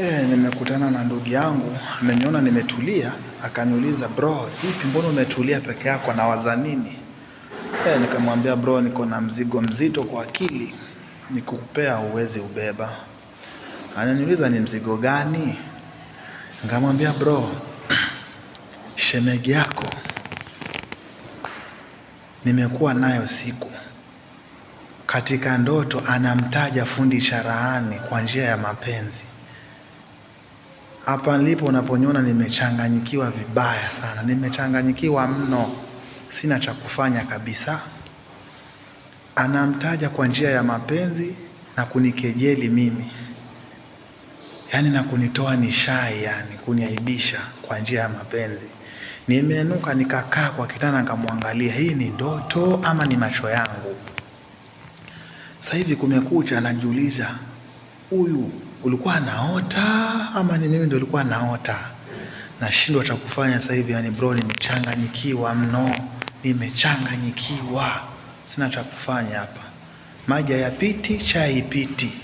E, nimekutana na ndugu yangu ameniona nimetulia, akaniuliza bro, vipi, mbona umetulia peke yako na waza nini? E, nikamwambia bro, niko na mzigo mzito kwa akili, nikupea uwezi ubeba. Ananiuliza ni mzigo gani? Nikamwambia bro, shemegi yako nimekuwa nayo siku katika ndoto, anamtaja fundi sharaani kwa njia ya mapenzi hapa nilipo unaponiona nimechanganyikiwa vibaya sana, nimechanganyikiwa mno, sina cha kufanya kabisa. Anamtaja kwa njia ya mapenzi na kunikejeli mimi, yaani na kunitoa nishai, yani kuniaibisha kwa njia ya mapenzi. nimeenuka nikakaa kwa kitanda nikamwangalia, hii ni ndoto ama ni macho yangu? Sasa hivi kumekucha, najiuliza huyu ulikuwa naota ama ni mimi ndio ulikuwa naota? Nashindwa cha kufanya sasa hivi, yani bro, nimechanganyikiwa mno, nimechanganyikiwa, sina cha kufanya hapa, maji hayapiti, chai ipiti.